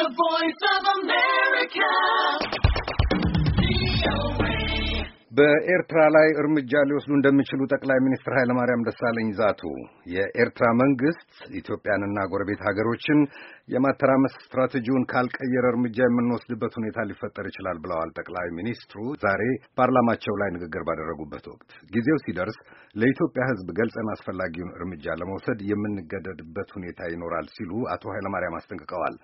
The Voice of America. በኤርትራ ላይ እርምጃ ሊወስዱ እንደሚችሉ ጠቅላይ ሚኒስትር ኃይለማርያም ደሳለኝ ዛቱ። የኤርትራ መንግስት ኢትዮጵያንና ጎረቤት ሀገሮችን የማተራመስ ስትራቴጂውን ካልቀየረ እርምጃ የምንወስድበት ሁኔታ ሊፈጠር ይችላል ብለዋል። ጠቅላይ ሚኒስትሩ ዛሬ ፓርላማቸው ላይ ንግግር ባደረጉበት ወቅት ጊዜው ሲደርስ ለኢትዮጵያ ሕዝብ ገልጸን አስፈላጊውን እርምጃ ለመውሰድ የምንገደድበት ሁኔታ ይኖራል ሲሉ አቶ ኃይለማርያም አስጠንቅቀዋል።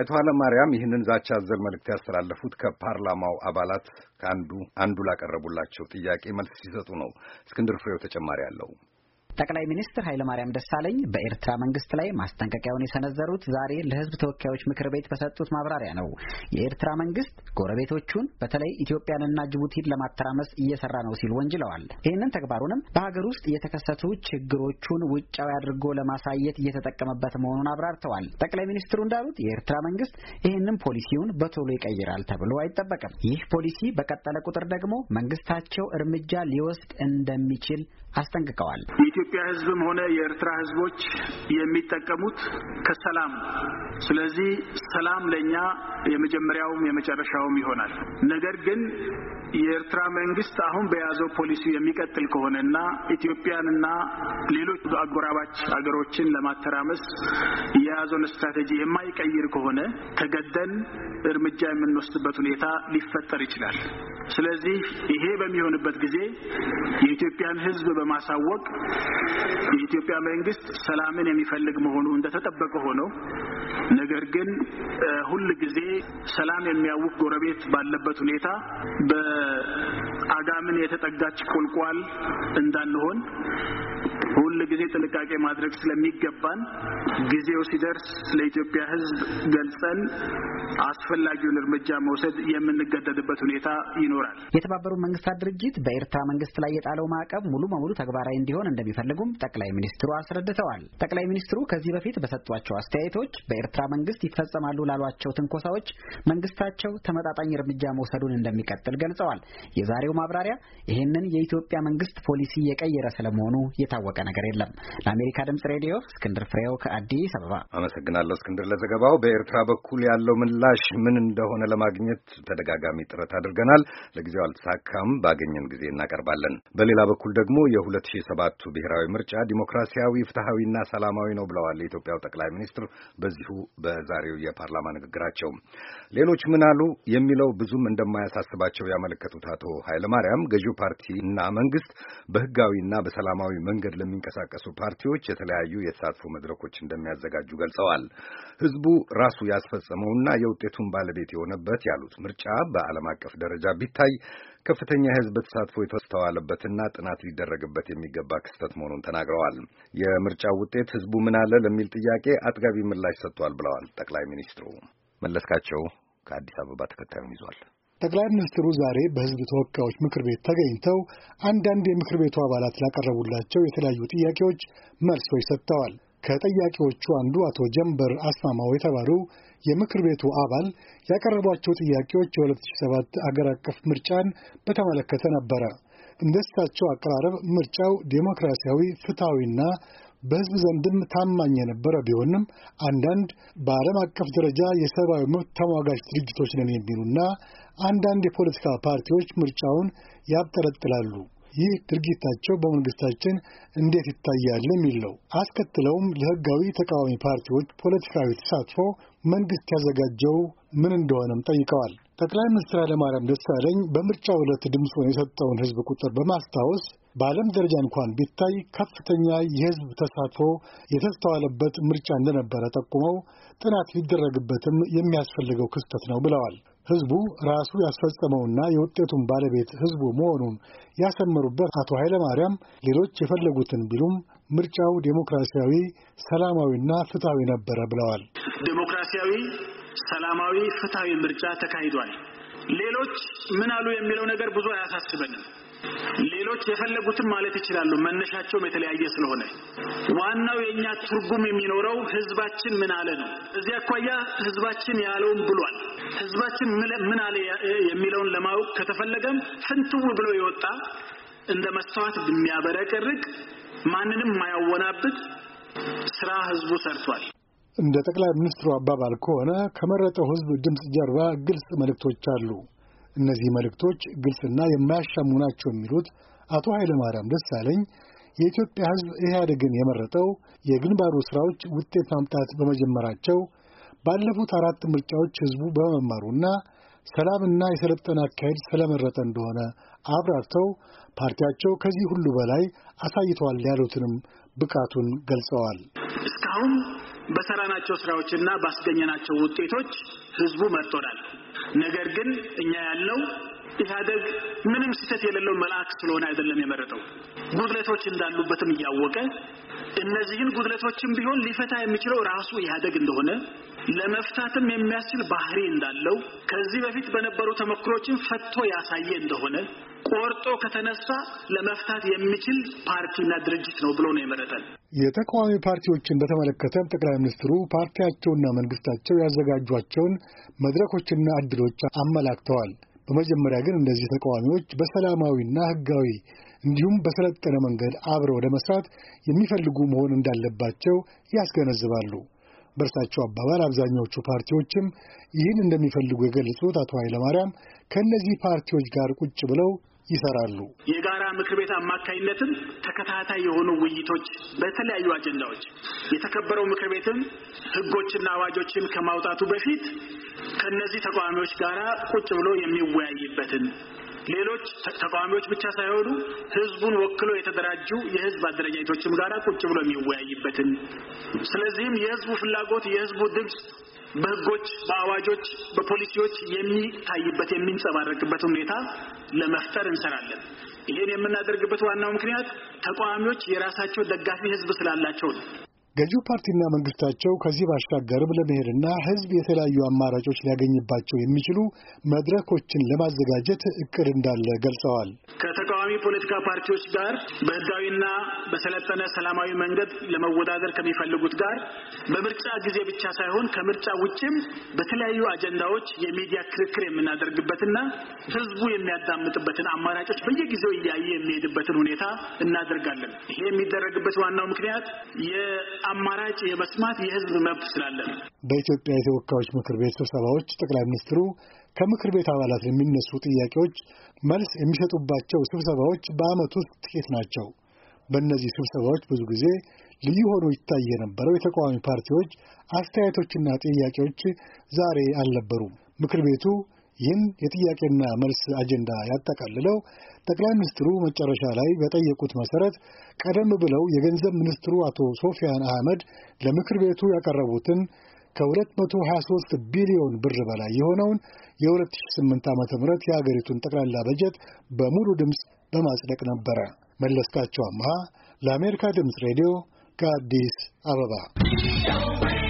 አቶ ኃይለማርያም ይህንን ዛቻ አዘል መልእክት ያስተላለፉት ከፓርላማው አባላት ከአንዱ አንዱ ላቀረቡላቸው ጥያቄ መልስ ሲሰጡ ነው። እስክንድር ፍሬው ተጨማሪ አለው። ጠቅላይ ሚኒስትር ኃይለማርያም ደሳለኝ በኤርትራ መንግስት ላይ ማስጠንቀቂያውን የሰነዘሩት ዛሬ ለህዝብ ተወካዮች ምክር ቤት በሰጡት ማብራሪያ ነው። የኤርትራ መንግስት ጎረቤቶቹን በተለይ ኢትዮጵያንና ጅቡቲን ለማተራመስ እየሰራ ነው ሲል ወንጅለዋል። ይህንን ተግባሩንም በሀገር ውስጥ የተከሰቱ ችግሮቹን ውጫዊ አድርጎ ለማሳየት እየተጠቀመበት መሆኑን አብራርተዋል። ጠቅላይ ሚኒስትሩ እንዳሉት የኤርትራ መንግስት ይህንን ፖሊሲውን በቶሎ ይቀይራል ተብሎ አይጠበቅም። ይህ ፖሊሲ በቀጠለ ቁጥር ደግሞ መንግስታቸው እርምጃ ሊወስድ እንደሚችል አስጠንቅቀዋል። የኢትዮጵያ ህዝብም ሆነ የኤርትራ ህዝቦች የሚጠቀሙት ከሰላም። ስለዚህ ሰላም ለእኛ የመጀመሪያውም የመጨረሻውም ይሆናል። ነገር ግን የኤርትራ መንግስት አሁን በያዘው ፖሊሲ የሚቀጥል ከሆነ እና ኢትዮጵያንና ሌሎች አጎራባች አገሮችን ለማተራመስ የያዘውን ስትራቴጂ የማይቀይር ከሆነ ተገደን እርምጃ የምንወስድበት ሁኔታ ሊፈጠር ይችላል። ስለዚህ ይሄ በሚሆንበት ጊዜ የኢትዮጵያን ሕዝብ በማሳወቅ የኢትዮጵያ መንግስት ሰላምን የሚፈልግ መሆኑ እንደተጠበቀ ሆኖ ነገር ግን ሁል ጊዜ ሰላም የሚያውቅ ጎረቤት ባለበት ሁኔታ አዳምን የተጠጋች ቁልቋል እንዳንሆን ሁል ጊዜ ጥንቃቄ ማድረግ ስለሚገባን ጊዜው ሲደርስ ለኢትዮጵያ ሕዝብ ገልጸን አስፈላጊውን እርምጃ መውሰድ የምንገደድበት ሁኔታ ይኖራል። የተባበሩት መንግስታት ድርጅት በኤርትራ መንግስት ላይ የጣለው ማዕቀብ ሙሉ በሙሉ ተግባራዊ እንዲሆን እንደሚፈልጉም ጠቅላይ ሚኒስትሩ አስረድተዋል። ጠቅላይ ሚኒስትሩ ከዚህ በፊት በሰጧቸው አስተያየቶች በኤርትራ መንግስት ይፈጸማሉ ላሏቸው ትንኮሳዎች መንግስታቸው ተመጣጣኝ እርምጃ መውሰዱን እንደሚቀጥል ገልጸዋል። የዛሬ በዛሬው ማብራሪያ ይህንን የኢትዮጵያ መንግስት ፖሊሲ የቀየረ ስለመሆኑ የታወቀ ነገር የለም። ለአሜሪካ ድምጽ ሬዲዮ እስክንድር ፍሬው ከአዲስ አበባ አመሰግናለሁ። እስክንድር ለዘገባው። በኤርትራ በኩል ያለው ምላሽ ምን እንደሆነ ለማግኘት ተደጋጋሚ ጥረት አድርገናል። ለጊዜው አልተሳካም። ባገኘን ጊዜ እናቀርባለን። በሌላ በኩል ደግሞ የሁለት ሺህ ሰባቱ ብሔራዊ ምርጫ ዲሞክራሲያዊ ፍትሐዊና ሰላማዊ ነው ብለዋል የኢትዮጵያው ጠቅላይ ሚኒስትር በዚሁ በዛሬው የፓርላማ ንግግራቸው። ሌሎች ምን አሉ የሚለው ብዙም እንደማያሳስባቸው ያመለከቱት አቶ ኃይለማርያም ገዢው እና መንግስት በህጋዊና በሰላማዊ መንገድ ለሚንቀሳቀሱ ፓርቲዎች የተለያዩ የተሳትፎ መድረኮች እንደሚያዘጋጁ ገልጸዋል። ህዝቡ ራሱ ያስፈጸመውና የውጤቱን ባለቤት የሆነበት ያሉት ምርጫ በዓለም አቀፍ ደረጃ ቢታይ ከፍተኛ የህዝብ ተሳትፎ የተስተዋለበትና ጥናት ሊደረግበት የሚገባ ክስተት መሆኑን ተናግረዋል። የምርጫው ውጤት ህዝቡ ምን አለ ለሚል ጥያቄ አጥጋቢ ምላሽ ሰጥቷል ብለዋል ጠቅላይ ሚኒስትሩ። መለስካቸው ከአዲስ አበባ ተከታዩን ይዟል። ጠቅላይ ሚኒስትሩ ዛሬ በሕዝብ ተወካዮች ምክር ቤት ተገኝተው አንዳንድ የምክር ቤቱ አባላት ላቀረቡላቸው የተለያዩ ጥያቄዎች መልሶች ሰጥተዋል። ከጠያቂዎቹ አንዱ አቶ ጀንበር አስማማው የተባሉ የምክር ቤቱ አባል ያቀረቧቸው ጥያቄዎች የ2007 አገር አቀፍ ምርጫን በተመለከተ ነበረ። እንደሳቸው አቀራረብ ምርጫው ዴሞክራሲያዊ፣ ፍትሐዊና በህዝብ ዘንድም ታማኝ የነበረ ቢሆንም አንዳንድ በዓለም አቀፍ ደረጃ የሰብአዊ መብት ተሟጋች ድርጅቶች ነን የሚሉና አንዳንድ የፖለቲካ ፓርቲዎች ምርጫውን ያብጠለጥላሉ። ይህ ድርጊታቸው በመንግስታችን እንዴት ይታያል የሚል ነው። አስከትለውም ለህጋዊ ተቃዋሚ ፓርቲዎች ፖለቲካዊ ተሳትፎ መንግስት ያዘጋጀው ምን እንደሆነም ጠይቀዋል። ጠቅላይ ሚኒስትር ኃይለማርያም ደሳለኝ በምርጫ ዕለት ድምፁን የሰጠውን ህዝብ ቁጥር በማስታወስ በዓለም ደረጃ እንኳን ቢታይ ከፍተኛ የሕዝብ ተሳትፎ የተስተዋለበት ምርጫ እንደነበረ ጠቁመው ጥናት ሊደረግበትም የሚያስፈልገው ክስተት ነው ብለዋል። ህዝቡ ራሱ ያስፈጸመውና የውጤቱን ባለቤት ህዝቡ መሆኑን ያሰመሩበት አቶ ኃይለማርያም ሌሎች የፈለጉትን ቢሉም ምርጫው ዴሞክራሲያዊ፣ ሰላማዊና ፍትሐዊ ነበረ ብለዋል። ዴሞክራሲያዊ፣ ሰላማዊ፣ ፍትሐዊ ምርጫ ተካሂዷል። ሌሎች ምን አሉ የሚለው ነገር ብዙ አያሳስበንም። ሌሎች የፈለጉትን ማለት ይችላሉ። መነሻቸውም የተለያየ ስለሆነ ዋናው የእኛ ትርጉም የሚኖረው ህዝባችን ምን አለ ነው። እዚህ አኳያ ህዝባችን ያለውን ብሏል። ህዝባችን ምን አለ የሚለውን ለማወቅ ከተፈለገም ፍንትው ብሎ የወጣ እንደ መስተዋት የሚያበረቀርቅ ማንንም የማያወናብት ስራ ህዝቡ ሰርቷል። እንደ ጠቅላይ ሚኒስትሩ አባባል ከሆነ ከመረጠው ህዝብ ድምፅ ጀርባ ግልጽ መልእክቶች አሉ። እነዚህ መልእክቶች ግልጽና የማያሻሙ ናቸው የሚሉት አቶ ኃይለማርያም ደሳለኝ የኢትዮጵያ ሕዝብ ኢህአዴግን የመረጠው የግንባሩ ሥራዎች ውጤት ማምጣት በመጀመራቸው ባለፉት አራት ምርጫዎች ሕዝቡ በመማሩና ሰላምና የሰለጠነ አካሄድ ስለመረጠ እንደሆነ አብራርተው ፓርቲያቸው ከዚህ ሁሉ በላይ አሳይተዋል ያሉትንም ብቃቱን ገልጸዋል። እስካሁን በሰራናቸው ስራዎችና ባስገኘናቸው ውጤቶች ሕዝቡ መርጦናል። ነገር ግን እኛ ያለው ኢህአደግ ምንም ስህተት የሌለው መልአክ ስለሆነ አይደለም የመረጠው፣ ጉድለቶች እንዳሉበትም እያወቀ እነዚህን ጉድለቶችን ቢሆን ሊፈታ የሚችለው ራሱ ኢህአደግ እንደሆነ ለመፍታትም የሚያስችል ባህሪ እንዳለው ከዚህ በፊት በነበሩ ተሞክሮችን ፈቶ ያሳየ እንደሆነ ቆርጦ ከተነሳ ለመፍታት የሚችል ፓርቲና ድርጅት ነው ብሎ ነው የመረጠን። የተቃዋሚ ፓርቲዎችን በተመለከተም ጠቅላይ ሚኒስትሩ ፓርቲያቸውና መንግስታቸው ያዘጋጇቸውን መድረኮችና እድሎች አመላክተዋል። በመጀመሪያ ግን እነዚህ ተቃዋሚዎች በሰላማዊና ህጋዊ እንዲሁም በሰለጠነ መንገድ አብረው ለመስራት የሚፈልጉ መሆን እንዳለባቸው ያስገነዝባሉ። በእርሳቸው አባባል አብዛኛዎቹ ፓርቲዎችም ይህን እንደሚፈልጉ የገለጹት አቶ ኃይለማርያም ከእነዚህ ፓርቲዎች ጋር ቁጭ ብለው ይሰራሉ። የጋራ ምክር ቤት አማካኝነትም ተከታታይ የሆኑ ውይይቶች በተለያዩ አጀንዳዎች የተከበረው ምክር ቤትም ሕጎችና አዋጆችን ከማውጣቱ በፊት ከእነዚህ ተቃዋሚዎች ጋር ቁጭ ብሎ የሚወያይበትን ሌሎች ተቃዋሚዎች ብቻ ሳይሆኑ ህዝቡን ወክሎ የተደራጁ የህዝብ አደረጃጀቶችም ጋር ቁጭ ብሎ የሚወያይበትን ስለዚህም የህዝቡ ፍላጎት የህዝቡ ድምፅ በህጎች፣ በአዋጆች፣ በፖሊሲዎች የሚታይበት የሚንጸባረቅበት ሁኔታ ለመፍጠር እንሰራለን። ይህን የምናደርግበት ዋናው ምክንያት ተቃዋሚዎች የራሳቸው ደጋፊ ህዝብ ስላላቸው ነው። ገዢው ፓርቲና መንግስታቸው ከዚህ ባሻገርም ለመሄድና ህዝብ የተለያዩ አማራጮች ሊያገኝባቸው የሚችሉ መድረኮችን ለማዘጋጀት እቅድ እንዳለ ገልጸዋል። ከተቃዋሚ ፖለቲካ ፓርቲዎች ጋር በህጋዊና በሰለጠነ ሰላማዊ መንገድ ለመወዳደር ከሚፈልጉት ጋር በምርጫ ጊዜ ብቻ ሳይሆን ከምርጫ ውጭም በተለያዩ አጀንዳዎች የሚዲያ ክርክር የምናደርግበትና ህዝቡ የሚያዳምጥበትን አማራጮች በየጊዜው እያየ የሚሄድበትን ሁኔታ እናደርጋለን። ይሄ የሚደረግበት ዋናው ምክንያት አማራጭ የመስማት የህዝብ መብት ስላለን። በኢትዮጵያ የተወካዮች ምክር ቤት ስብሰባዎች ጠቅላይ ሚኒስትሩ ከምክር ቤት አባላት የሚነሱ ጥያቄዎች መልስ የሚሰጡባቸው ስብሰባዎች በዓመት ውስጥ ጥቂት ናቸው። በእነዚህ ስብሰባዎች ብዙ ጊዜ ልዩ ሆኖ ይታይ የነበረው የተቃዋሚ ፓርቲዎች አስተያየቶችና ጥያቄዎች ዛሬ አልነበሩም። ምክር ቤቱ ይህን የጥያቄና መልስ አጀንዳ ያጠቃልለው ጠቅላይ ሚኒስትሩ መጨረሻ ላይ በጠየቁት መሰረት ቀደም ብለው የገንዘብ ሚኒስትሩ አቶ ሶፊያን አህመድ ለምክር ቤቱ ያቀረቡትን ከ223 ቢሊዮን ብር በላይ የሆነውን የ2008 ዓ ም የአገሪቱን ጠቅላላ በጀት በሙሉ ድምፅ በማጽደቅ ነበረ። መለስካቸው አምሃ ለአሜሪካ ድምፅ ሬዲዮ ከአዲስ አበባ